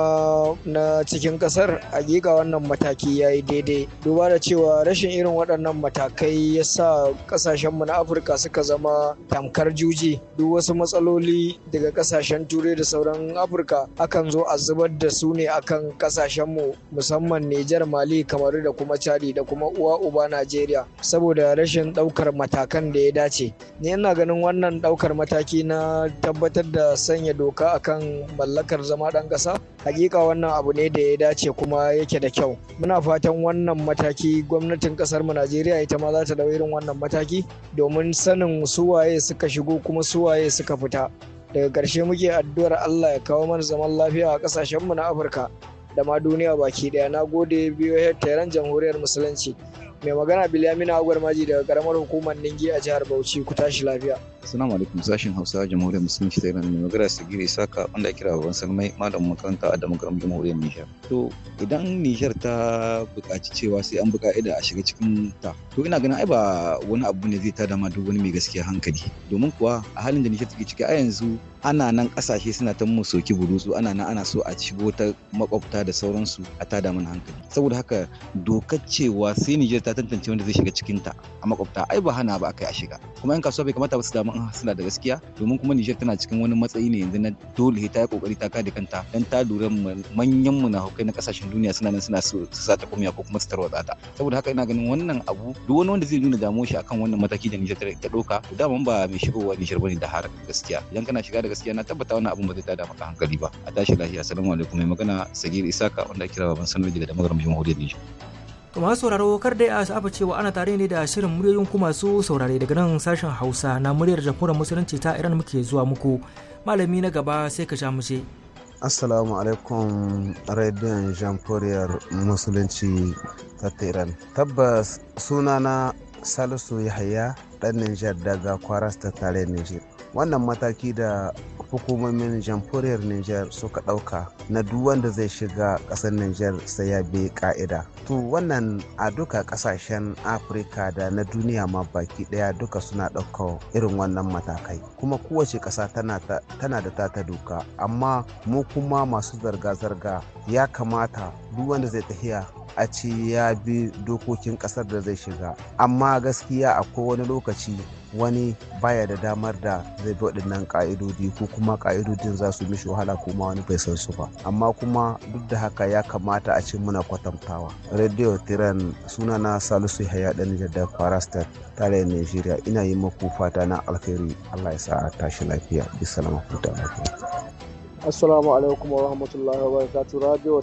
na cikin kasar hakika wannan mataki ya yi daidai duba da cewa rashin irin waɗannan matakai ya sa ƙasashenmu na afirka suka zama tamkar juji duk wasu matsaloli daga ƙasashen turai da sauran afirka akan zo a zubar da su ne akan ƙasashenmu musamman nijar mali kamaru da kuma chadi da kuma uwa uba najeriya saboda rashin ɗaukar matakai. kan da ya dace ni ina ganin wannan daukar mataki na tabbatar da sanya doka a kan mallakar zama dan kasa hakika wannan abu ne da ya dace kuma yake da kyau muna fatan wannan mataki gwamnatin kasar mu Najeriya ita ma za ta dau irin wannan mataki domin sanin su waye suka shigo kuma su waye suka fita daga ƙarshe muke addu'ar Allah ya kawo mana zaman lafiya a mu na Afirka da ma duniya baki daya na gode biyo taron jamhuriyar musulunci mai magana Bilyaminu gwarmaji daga karamar hukumar Ningi a jihar Bauchi ku tashi lafiya. Assalamu alaikum sashen Hausa Jamhuriyar Musulunci ta Iran mai magana Giri Saka wanda kira baban Salmai malamin makaranta a Damagaram Jamhuriyar Nijar. To idan Nijar ta buƙaci cewa sai an buƙa ida a shiga cikin ta to ina ganin ai ba wani abu ne zai ta dama duk wani mai gaskiya hankali domin kuwa a halin da Nijar take ciki a yanzu ana nan ƙasashe suna ta mu soki burutsu ana nan ana so a shigo ta makwabta da sauransu a ta mana hankali saboda haka dokar cewa sai Nijar ta tantance wanda zai shiga cikin ta a makwabta ai ba hana ba akai a shiga kuma in kasuwa bai kamata ba su dama kuma ah, suna da gaskiya domin kuma Nijar tana cikin wani matsayi ne yanzu na dole ta yi kokari ta kada kanta dan ta lura manyan munafukai na kasashen duniya suna nan suna su sa ta ko kuma su tarwatsa ta saboda haka ina ganin wannan abu duk wani wanda zai nuna damuwa shi akan wannan mataki da Nijar ta dauka daman ba mai shigowa Nijar bane da har gaskiya idan kana shiga da gaskiya na tabbata wannan abun ba zai tada maka hankali ba a tashi lafiya assalamu alaikum mai magana Sagir Isaka wanda kira baban Sanoji da magaram jamhuriyar Nijar kamar sauraro kar dai a saba cewa ana tare ne da shirin muryoyin ku masu saurare daga nan sashen Hausa na muryar jamhuriyar musulunci ta Iran muke zuwa muku. Malami na gaba sai ka sha mu ce. Assalamu alaikum radiyon jamhuriyar musulunci ta Iran. Tabbas sunana Salisu Yahaya ɗan Nijar daga Kwaras ta tare Nijar. Wannan mataki da hukumomin jamhuriyar niger suka ɗauka na duk wanda zai shiga ƙasar niger sai ya bi ka'ida to wannan a duka ƙasashen afirka da na duniya ma baki ɗaya duka suna ɗaukar irin wannan matakai kuma kowace ƙasa tana da ta ta doka amma mu kuma masu zarga-zarga ya kamata duk wanda zai tafiya a ce ya bi dokokin kasar da zai shiga amma gaskiya akwai wani lokaci wani baya da damar da zai bi waɗannan ƙa'idodi ko kuma ƙa'idodin za su mishi wahala ko wani bai san su ba amma kuma duk da haka ya kamata a ce muna kwatantawa radio tiran na salisu haya ɗan da kwara state tarayyar nigeria ina yi maku fata na alkhairi allah ya sa a tashi lafiya bisa na mafuta lafiya Assalamu alaikum wa rahmatullahi wa barakatuh Radio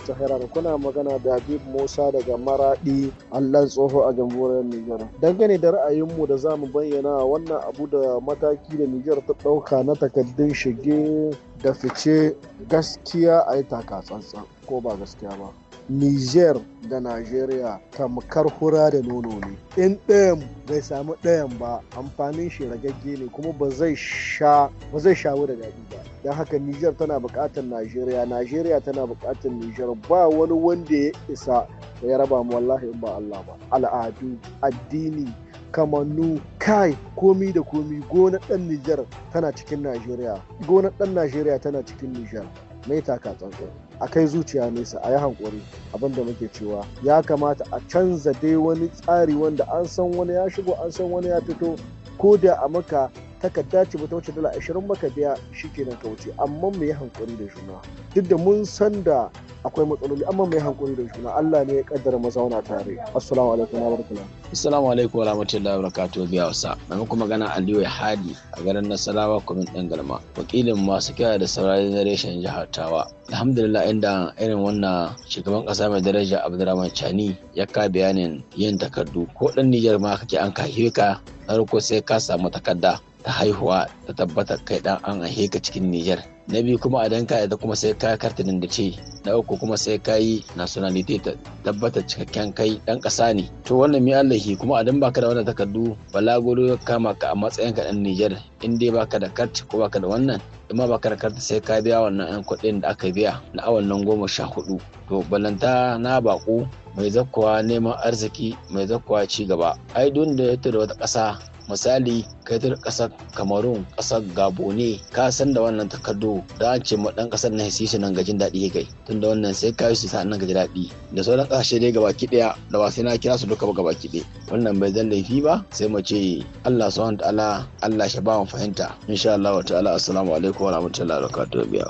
kuna magana da Habib Musa daga Maradi Allah tsoho a jamhuriyar Nijar. Dangane da ra'ayinmu da za mu bayyana wannan abu da mataki da Nijar ta ɗauka na takardun shige da fice gaskiya a yi taka tsantsan ko ba gaskiya ba. Niger da Najeriya tamkar hura da nono ne. In ɗayan bai samu ɗayan ba amfanin shi ragagge ne kuma ba zai sha da daɗi ba. Don haka Niger tana buƙatar Najeriya, Najeriya tana buƙatar Niger ba wani wanda ya isa ya raba mu wallahi in ba Allah ba. Al'adu, addini, kamannu kai komi da komi gonar ɗan Niger tana cikin Najeriya gonar ɗan Najeriya tana cikin Niger. mai taka tsantsan a kai zuciya nesa a yi hankuri abin da muke cewa ya kamata a canza dai wani tsari wanda an san wani ya shigo an san wani ya fito ko da a maka takarda ce bata wace dala ashirin maka biya shi kenan ka wuce amma mu yi hankuri da juna duk da mun san da akwai matsaloli amma mu yi hankuri da juna Allah ne ya kaddara mu zauna tare assalamu alaikum wa rahmatullahi assalamu alaikum wa rahmatullahi wa barakatuh biya wasa mai muku magana Aliyu Hadi a garin Nasarawa kwamin dan Galma wakilin masu kiyaye da sauraron na jihar Tawa alhamdulillah inda irin wannan shugaban kasa mai daraja Abdurrahman Chani ya ka bayanin yin takardu ko dan Nijar ma kake an kahiwe ka farko sai ka samu takarda ta haihuwa ta tabbata kai dan an ahe ka cikin Nijar. Na biyu kuma a danka da kuma sai ka kartinin da ce, na uku kuma sai ka yi nationality ta tabbata cikakken kai dan ƙasa ne. To wannan mi Allahi kuma a dan baka da wannan takardu balagoro ya kama ka a matsayin ka dan Nijar in dai baka da kart ko baka da wannan imma baka da karta sai ka biya wannan ɗan kuɗin da aka biya na awan nan goma sha hudu. To balanta na baƙo mai zakkowa neman arziki mai zakkowa ci gaba. Ai duk da ya da wata ƙasa misali kaitar kasar kamarun kasar gabone ka san da wannan takardu da an ce ma dan kasar na hisi shi nan gajin daɗi ya kai da wannan sai ka yi su sa nan gaji daɗi da sauran kasashe dai gabaki ɗaya da ba sai na kira su duka ba gabaki ɗaya wannan bai zan laifi ba sai mu ce Allah subhanahu wa ta'ala Allah shi ba mu fahimta insha Allah wa ta'ala assalamu alaikum wa rahmatullahi wa barakatuh biya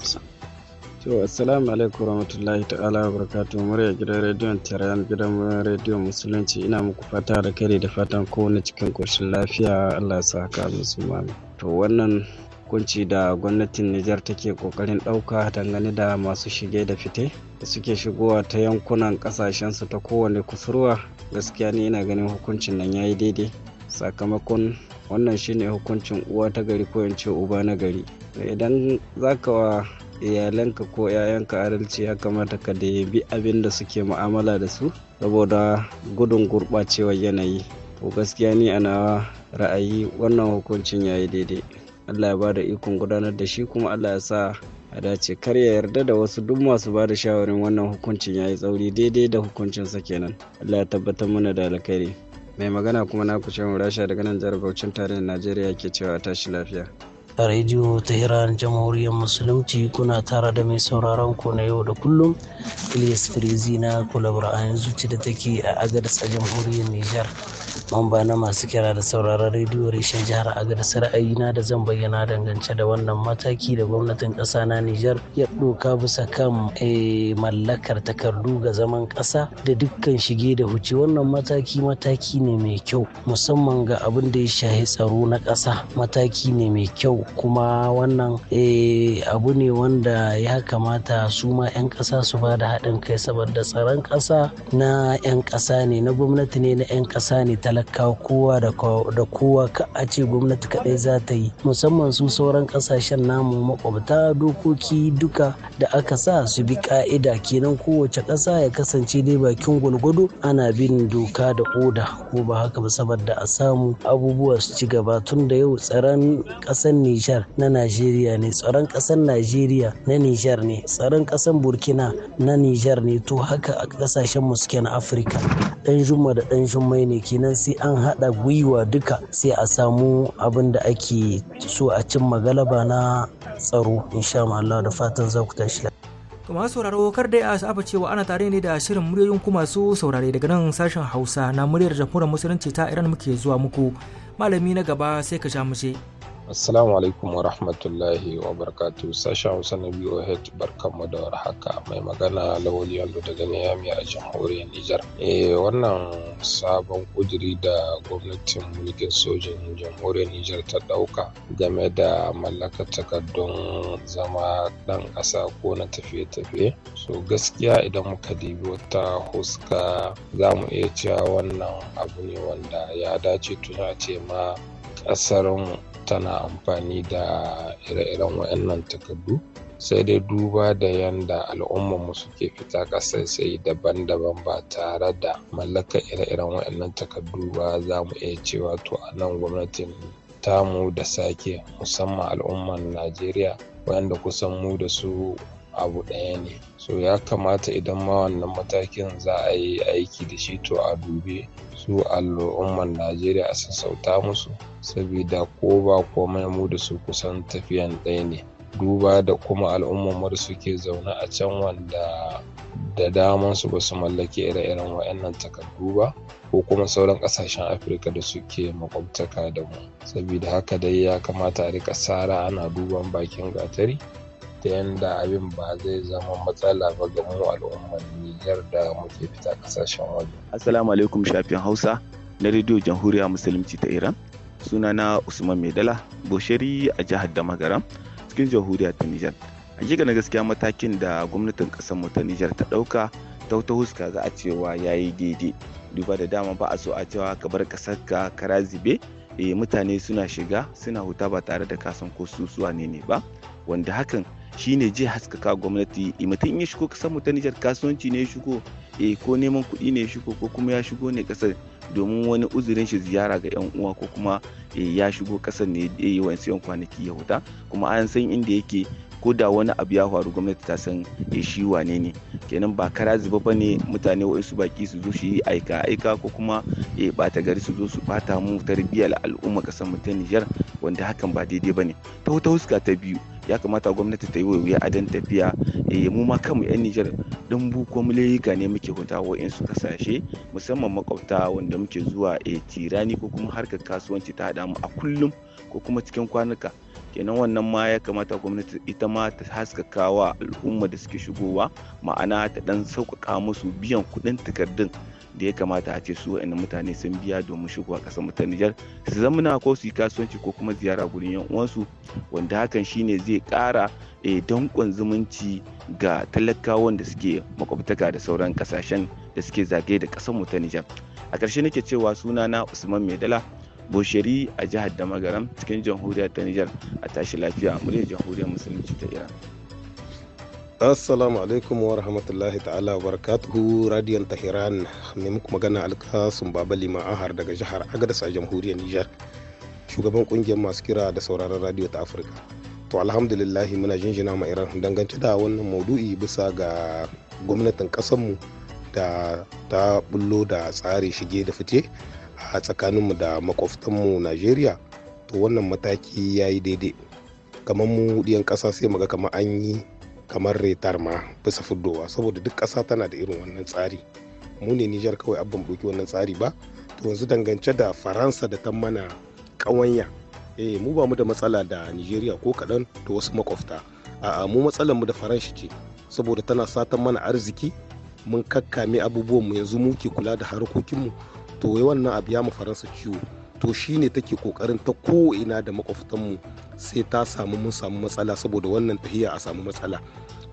To, assalamu alaikum warahmatullahi ta'ala wa barakatuhu murya gidan rediyon Tehran gidan rediyon Musulunci ina muku fata da kare da fatan kowane cikin koshin lafiya Allah sa haka musulman. To wannan hukunci da gwamnatin Nijar take kokarin ɗauka dangane da masu shige da fite da suke shigowa ta yankunan ƙasashensu ta kowane kusurwa gaskiya ne ina ganin hukuncin nan yayi daidai sakamakon wannan shine hukuncin uwa ta gari ko in uba na gari idan zaka wa iyalanka ko 'ya'yanka adalci ya kamata ka bi abin da suke mu'amala da su saboda gudun gurɓacewar yanayi ko gaskiya ni ana ra'ayi wannan hukuncin ya yi daidai allah ya ba da ikon gudanar da shi kuma allah ya sa a dace kar ya yarda da wasu duk masu ba da shawarin wannan hukuncin ya yi tsauri daidai da hukuncin hukuncinsa kenan allah ya tabbatar mana da alkhairi mai magana kuma na kushe rasha daga nan jihar bauchin tarayyar najeriya ke cewa tashi lafiya a rediyo iran jamhuriyar musulunci kuna tara da mai sauraron ku na yau da kullum ilyas firizi na kulabra a yanzu da take a agadas a jamhuriyar nijar mamba na masu kira da sauraron rediyo reshen jihar agadas ra'ayina da zan bayyana dangance da wannan mataki da gwamnatin ƙasa na nijar ya ɗoka bisa kan eh, mallakar takardu ga zaman ƙasa da dukkan shige da huce wannan mataki mataki ne mai kyau musamman ga abin da ya shahi tsaro na ƙasa mataki ne mai kyau kuma wannan eh, abu ne wanda ya kamata su ma 'yan ƙasa su ba da haɗin kai saboda tsaron ƙasa na 'yan ƙasa ne na gwamnati ne na 'yan ƙasa ne talakawa kowa da kowa ka a ce gwamnati kaɗai za ta yi musamman su sauran ƙasashen namu makwabta dokoki duka da aka sa su bi ka'ida kenan kowace ƙasa ya kasance dai bakin gwalgwado ana bin doka da oda ko ba haka ba saboda a samu abubuwa su ci gaba tun da yau tsaron ƙasar Nijar na Najeriya ne tsaron ƙasar Najeriya na Nijar ne tsaron ƙasar Burkina na Nijar ne to haka a ƙasashen mu suke Afirka dan Juma da dan Jummai ne kenan sai an haɗa gwiwa duka sai a samu abin da ake so a cin magalaba na tsaro insha Allah da fatan za ku tashi kuma sauraro kar dai a saba cewa ana tare ne da shirin muryoyin ku masu saurare daga nan sashen Hausa na muryar jamhuriyar musulunci ta Iran muke zuwa muku malami na gaba sai ka sha mu Assalamu alaikum wa rahmatullahi wa barkatu! sashen Hausa na BOH barkanmu da haka. mai magana Lawali yanzu daga nayami a jamhuriyar Nijar. Eh wannan sabon kudiri da gwamnatin mulkin sojin jamhuriyar Nijar ta dauka game da mallaka takardun zama dan ƙasa ko na tafiye-tafiye. So gaskiya idan muka dibi wata huska za mu iya cewa wannan abu ne wanda ya dace tuna ce ma kasarmu tana amfani da ire-iren wayannan takardu sai dai duba da yadda al'ummarmu suke fita sai daban-daban ba tare da mallaka ire-iren wayannan takardu ba za mu iya cewa to a nan gwamnatin tamu da sake musamman al'ummar najeriya da kusan mu da su abu ɗaya ne so ya kamata idan ma wannan matakin za a yi aiki da shi to a dube su al'umman najeriya a sassauta musu saboda ko ba komai mu da su kusan tafiyan ɗaya ne duba da kuma al'ummar da suke zaune a can wanda da daman su ba su mallaki ire-iren wa'annan takardu ba ko kuma sauran kasashen afirka da suke makwabtaka da mu saboda haka dai ya kamata a rika sara ana duban bakin gatari ta yanda abin ba zai zama matsala ba ga mu al'ummar Nijar da muke fita kasashen waje. Assalamu alaikum shafin Hausa na rediyo Jamhuriya Musulunci ta Iran. Sunana Usman Maidala, Bosheri a jihar Damagaram, cikin jamhuriya ta Nijar. Hakika na gaskiya matakin da gwamnatin kasar mu ta Nijar ta ɗauka ta wata huska za a cewa ya yi daidai. Duba da dama ba a so a cewa ka bar ƙasar ka kara zube eh, mutane suna shiga suna huta ba tare da kasan ko su ne ne ba wanda hakan shine je haskaka gwamnati eh, mutum ya shigo kasar mu ta Nijar kasuwanci ne ya shigo eh ko neman kuɗi ne ya shigo ko kuma ya shigo ne kasar domin wani uzurin shi ziyara ga yan uwa ko kuma eh, ya shigo kasar ne ya yi wani sayan kwanaki ya huta kuma an san inda yake ko da wani abu ya faru gwamnati ta san eh, shi wane ne kenan ba kara zuba ba ne mutane waɗansu baki su zo shi aika aika ko kuma ba bata gari su zo su bata mu tarbiyyar al'umma kasar mu ta Nijar wanda hakan ba daidai ba ne ta huska ta biyu ya kamata gwamnati ta yi wuya a dan tafiya eh, mu ma kanmu 'yan Nijar dan buko mulayika ne muke hutawa in su kasashe musamman makwabta wanda muke zuwa eh, tirani ko kuma harkar kasuwanci ta hada mu a kullum ko kuma cikin kwanuka kenan wannan ma ya kamata gwamnati ita ma ta haskaka wa al'umma da suke shigowa ma'ana ta dan sauƙaƙa musu biyan kuɗin takardun da ya kamata a ce su wa'in mutane sun biya domin shigowa ƙasar mu ta Nijar su zamana ko su yi kasuwanci ko kuma ziyara gurin yan uwansu wanda hakan shine zai kara e, eh, danƙon zumunci ga talakawan da suke makwabtaka da sauran ƙasashen da suke zagaye da ƙasar mu ta Nijar a ƙarshe nake cewa suna na Usman Maidala Bosheri a jihar Damagaram cikin jamhuriyar ta Nijar a tashi lafiya a muryar jamhuriyar musulunci ta Iran. assalamu alaikum wa rahmatullahi ta'ala wa barakatuhu radiyon tahiran mai muku magana alkasun baba lima ahar daga jihar agadas a jamhuriyar nijar shugaban kungiyar masu kira da sauraron radiyo ta afirka to alhamdulillahi muna jinjina ma iran dangance da wannan maudu'i bisa ga gwamnatin kasanmu da ta bullo da tsari shige da fice a tsakaninmu da makwabtanmu najeriya to wannan mataki ya yi daidai kamar mu diyan kasa sai ga kamar an yi kamar retar ma bisa fuddowa saboda duk ƙasa tana da irin wannan tsari mu ne nijar kawai abin buki wannan tsari ba to yanzu dangance da faransa da ta mana ƙawanya eh mu ba mu da matsala da nigeria ko kaɗan da wasu makwafta a'a mu matsalar mu da faransa ce saboda tana satan mana arziki mun kakkame abubuwan mu yanzu mu ke kula da harkokin mu to wai wannan abu ya mu faransa ciwo to shi shine take kokarin ta ina da makwabtanmu sai ta samu mun samu matsala saboda wannan tahiya a samu matsala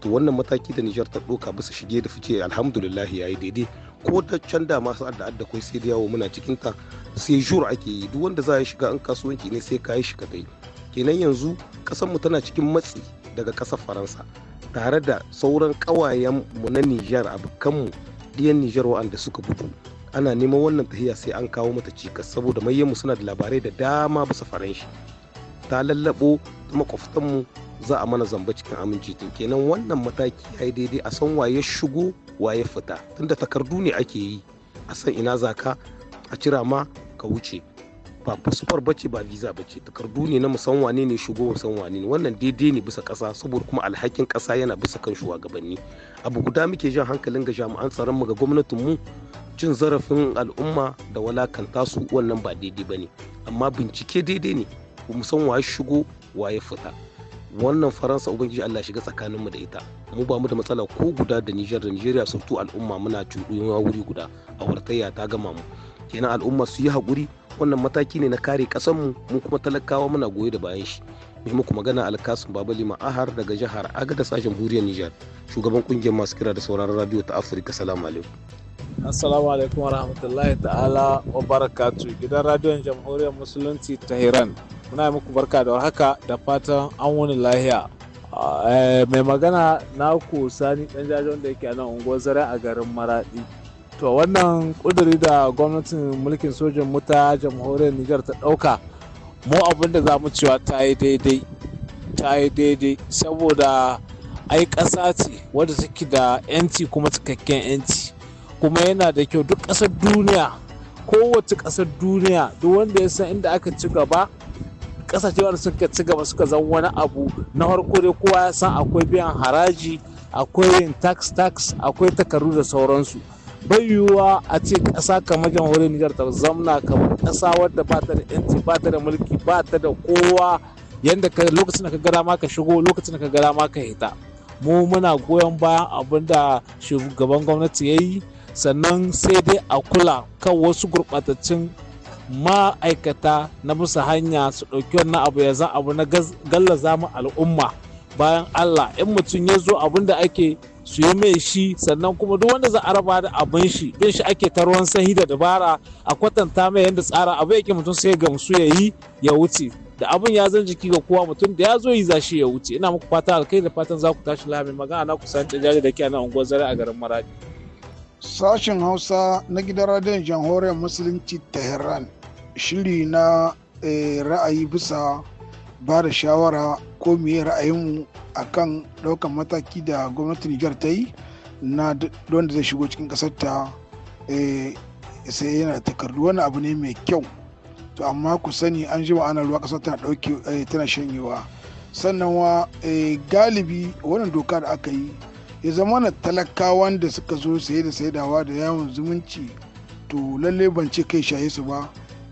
to wannan mataki da Nijar ta ɗauka bisa shige da fice alhamdulillah yi daidai ko ta can da masu adda adda kai sai da yawo muna cikin ta sai jur ake yi duk wanda za ya shiga an kasuwanci ne sai ka yi shiga dai kenan yanzu kasar mu tana cikin matsi daga kasar Faransa tare da sauran kawayen mu na Nijar abukan mu diyan Nijar waɗanda suka bugu. ana neman wannan tahiya sai an kawo mata cikas saboda mayyanmu suna da labarai da dama bisa faranshi ta lallabo ta mu za a mana zamba cikin aminci tun kenan wannan mataki yi daidai a san waye shigo waye fita tunda takardu ne ake yi a san ina zaka a cira ma ka wuce ba fasfar bace ba visa bace takardu ne na musan wane ne shigo musan wane ne wannan daidai ne bisa kasa saboda kuma alhakin kasa yana bisa kan shugabanni abu guda muke jan hankalin ga jami'an tsaron mu ga gwamnatin mu cin zarafin al'umma da walakanta su wannan ba daidai ba ne amma bincike daidai ne mu san wa shigo wa ya fita wannan faransa ubangiji allah shiga tsakaninmu da ita mu ba mu da matsala ko guda da nijar da nijeriya surtu al'umma muna cuɗuwa wuri guda a wartayya ta gama mu kenan al'umma su yi haƙuri wannan mataki ne na kare ƙasarmu mu kuma talakawa muna goye da bayan shi mai muku magana alkasun babali ma'ahar daga jihar agada sashen buriyar nijar shugaban kungiyar masu kira da sauraron radio ta afirka salamu alaikum Assalamu alaikum wa rahmatullahi ta'ala wa barakatu gidan radiyon jamhuriyar musulunci ta Iran. Muna muku barka da haka da fatan an wuni lahiya. Ah, eh, mai magana na ku sani ɗan jajon da yake a nan unguwar zare a garin Maraɗi. To wannan ƙuduri da gwamnatin mulkin sojin muta ta jamhuriyar Nijar ta ɗauka mu abin da za mu cewa ta yi daidai ta yi daidai saboda ai ƙasa ce wadda take da 'yanci kuma cikakken 'yanci kuma yana da kyau duk ƙasar duniya kowace ƙasar duniya duk wanda ya san inda aka ci gaba ƙasashe wanda suka ci gaba suka zama wani abu na farko dai kowa ya san akwai biyan haraji akwai yin tax tax akwai takardu da sauransu bai yiwuwa a ce ƙasa kamar jamhuriyar niger ta zamna kamar ƙasa wadda ba ta da yanci ba ta da mulki ba ta da kowa yadda lokacin da ka gara ma ka shigo lokacin da ka gara ma ka hita mu muna goyon bayan abin da shugaban gwamnati ya yi sannan sai dai a kula kan wasu gurɓataccen ma'aikata na musu hanya su ɗauki wannan abu ya za abu na gallaza mu al'umma bayan allah in mutum ya zo abin da ake su yi mai shi sannan kuma duk wanda za a raba da abin shi bin shi ake ta sahi da dabara a kwatanta mai yadda tsara abu yake mutum sai gamsu ya yi ya wuce da abin ya zan jiki ga kowa mutum da ya zo yi za shi ya wuce ina muku fata alkai da fatan za ku tashi lami magana na ku san jari da ke a nan unguwar zare a garin maradi. Sashen Hausa na gidan radiyon jamhuriyar Musulunci Tehran shiri na eh, ra'ayi bisa ba da shawara ko ra'ayin ra'ayinmu a kan ɗaukan mataki da gwamnatin Nijar ta yi na don da zai shigo cikin ƙasar ta eh, sai yana takardu wani abu ne mai kyau to amma ku sani an ji ana ruwa ƙasar tana ɗauke eh, tana shanyewa sannan wa galibi wannan doka da aka yi ya zama na talakawan da suka zo saye da saidawa da yawon zumunci to lalle ban ce kai shaye su ba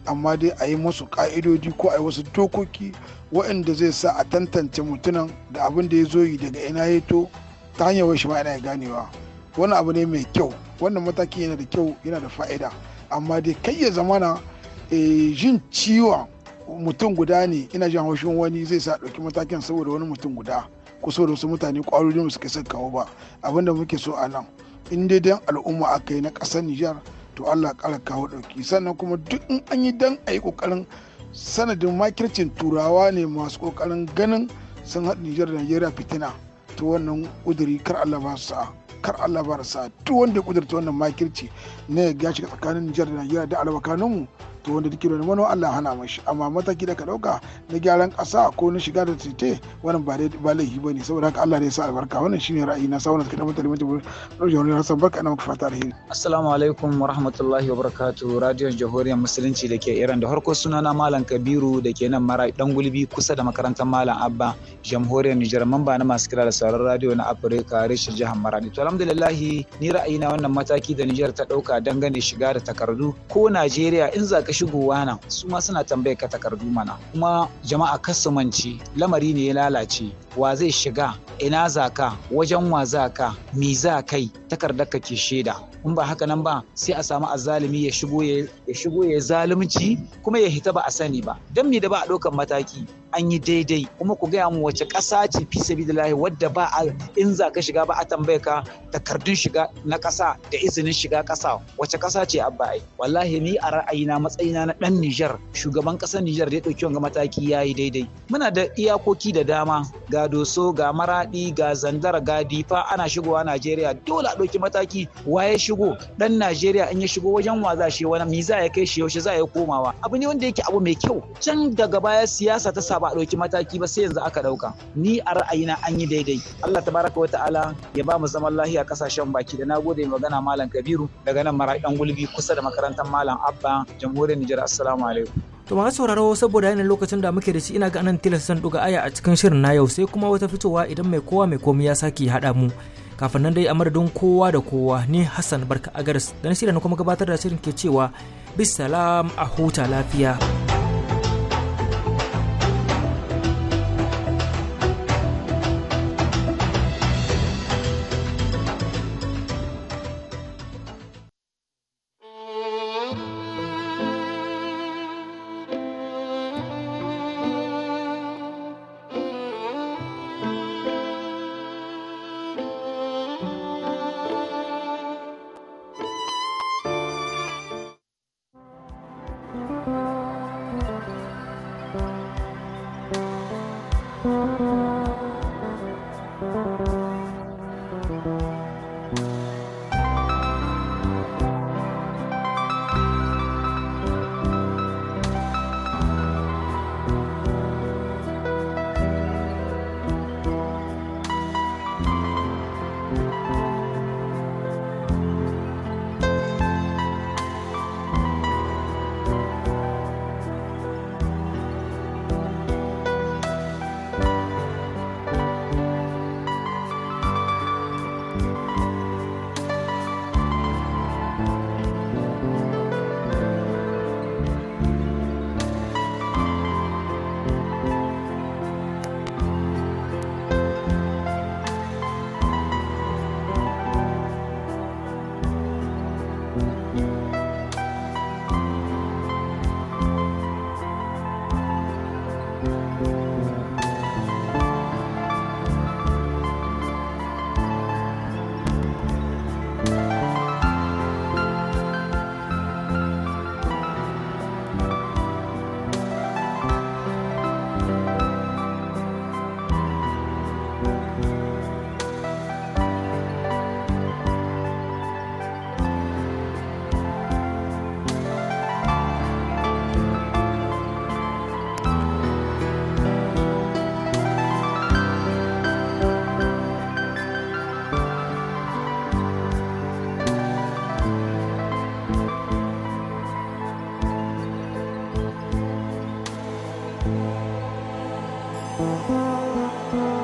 amma dai a yi masu ka'idodi ko a yi wasu dokoki waɗanda zai sa a tantance mutunan da abin da ya zo yi daga ina ya to ta hanyar wasu ma ina ganewa wani abu ne mai kyau wannan mataki yana da kyau yana da fa'ida amma dai kai ya zamana eh, jin ciwon mutum guda ne ina jin haushin wani zai sa ɗauki matakin saboda wani mutum guda kusa da wasu mutane mu suke son kawo ba abinda muke so a nan in dai dan al'umma aka yi na ƙasar Nijar to Allah ƙara kawo ɗauki sannan kuma duk in an yi dan a yi ƙoƙarin sanadin makircin turawa ne masu ƙoƙarin ganin sun haɗa Nijar da Najeriya fitina to wannan ƙuduri kar Allah ba su kar Allah ba sa duk wanda ya ƙudurta wannan makirci ne ya shiga tsakanin Nijar da Najeriya da mu to wanda duk da manowa Allah hana mashi amma mataki da ka dauka na gyaran kasa ko na shiga da tite wannan ba ba laifi bane saboda haka Allah ne ya sa albarka wannan shine ra'ayi na sauna kadan mutane mutum rajin wani rasan barka ina maka fata alheri assalamu alaikum wa rahmatullahi wa barakatuh radiyon musulunci da ke Iran da harko sunana malam Kabiru da ke nan mara dan gulbi kusa da makarantar malam Abba jamhuriyar Nijar mamba na masu kira da sauran radiyo na Afirka reshen jihar Maradi to alhamdulillah ni ra'ayi na wannan mataki da Nijar ta dauka dangane shiga da takardu ko Najeriya in za ka shigowa nan su ma suna tambayar ka takardu mana kuma jama'a kasumance lamari ne ya lalace wa zai shiga ina zaka wajen wa zaka mi za kai takardar ka ke shaida in ba haka nan ba sai a samu azalimi ya shigo ya shigo ya zalunci kuma ya hita ba a sani ba dan me da ba a ɗaukan mataki an yi daidai kuma ku gaya mu wace ƙasa ce fi lahi, wadda ba a in za ka shiga ba a tambaye ka takardun shiga na ƙasa da izinin shiga ƙasa wace ƙasa ce abba ai wallahi ni a ra'ayina matsayina na ɗan Nijar shugaban ƙasar Nijar da ya ɗauki wanga mataki ya yi daidai muna da iyakoki da dama ga ga doso ga maradi ga zandar ga difa ana shigowa najeriya dole a ɗauki mataki Wa ya shigo dan najeriya in ya shigo wajen wa za shi wani mi za ya kai shi yaushe za ya komawa abu ne wanda yake abu mai kyau can daga baya siyasa ta sa ba a ɗauki mataki ba sai yanzu aka ɗauka ni a ra'ayina an yi daidai allah tabaraka wa ta'ala ya ba mu zaman lahiya kasashen baki da gode magana malam kabiru daga nan maraɗan gulbi kusa da makarantar malam abba jamhuriyar nijar assalamu alaikum To ma sauraro saboda yanayin lokacin da muke da shi ina ga anan san duga aya a cikin shirin na yau sai kuma wata fitowa idan mai kowa mai komai ya sake haɗa mu. Kafin nan dai a madadin kowa da kowa ni Hassan Barka Agaris da na shirya kuma gabatar da shirin ke cewa bisalam a huta lafiya.